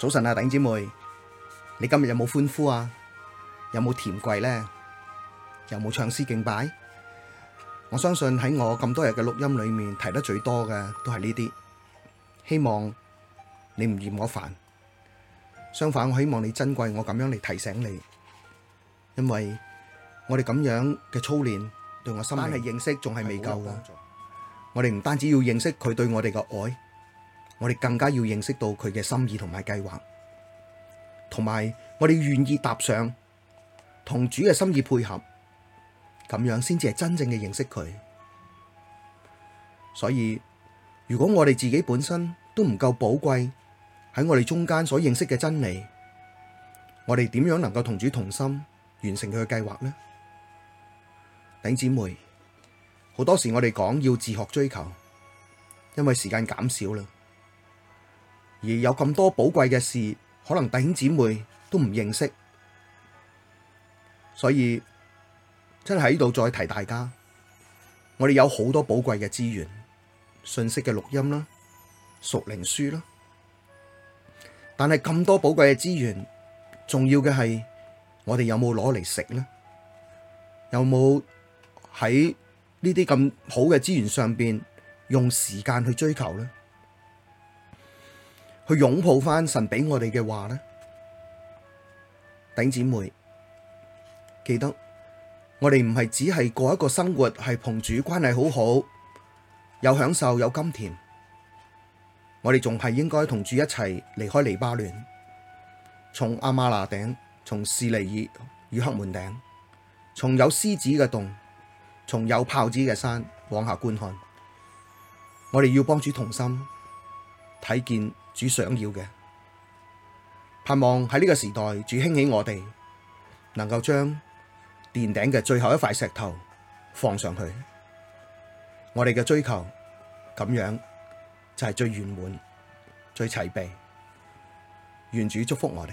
早晨啊，頂姐妹，你今日有冇歡呼啊？有冇甜跪咧？有冇唱詩敬拜？我相信喺我咁多日嘅錄音裏面提得最多嘅都係呢啲。希望你唔嫌我煩，相反我希望你珍貴我咁樣嚟提醒你，因為我哋咁樣嘅操練對我心裏只係認識仲係未夠嘅。我哋唔單止要認識佢對我哋嘅愛。我哋更加要認識到佢嘅心意同埋計劃，同埋我哋願意搭上同主嘅心意配合，咁樣先至係真正嘅認識佢。所以，如果我哋自己本身都唔夠寶貴，喺我哋中間所認識嘅真理，我哋點樣能夠同主同心完成佢嘅計劃呢？頂姊妹，好多時我哋講要自學追求，因為時間減少啦。而有咁多寶貴嘅事，可能弟兄姊妹都唔認識，所以真係喺度再提大家，我哋有好多寶貴嘅資源、信息嘅錄音啦、屬靈書啦，但係咁多寶貴嘅資源，重要嘅係我哋有冇攞嚟食呢？有冇喺呢啲咁好嘅資源上邊用時間去追求呢？去擁抱返神俾我哋嘅話咧，頂姊妹記得我哋唔係只係過一個生活，係同主關係好好，有享受有甘甜。我哋仲係應該同主一齊離開黎巴嫩，從亞瑪拿頂，從示尼珥與黑門頂，從有獅子嘅洞，從有豹子嘅山往下觀看。我哋要幫主同心睇見。主想要嘅，盼望喺呢個時代主興起我哋，能夠將殿頂嘅最後一塊石頭放上去，我哋嘅追求咁樣就係最圓滿、最齊備，願主祝福我哋。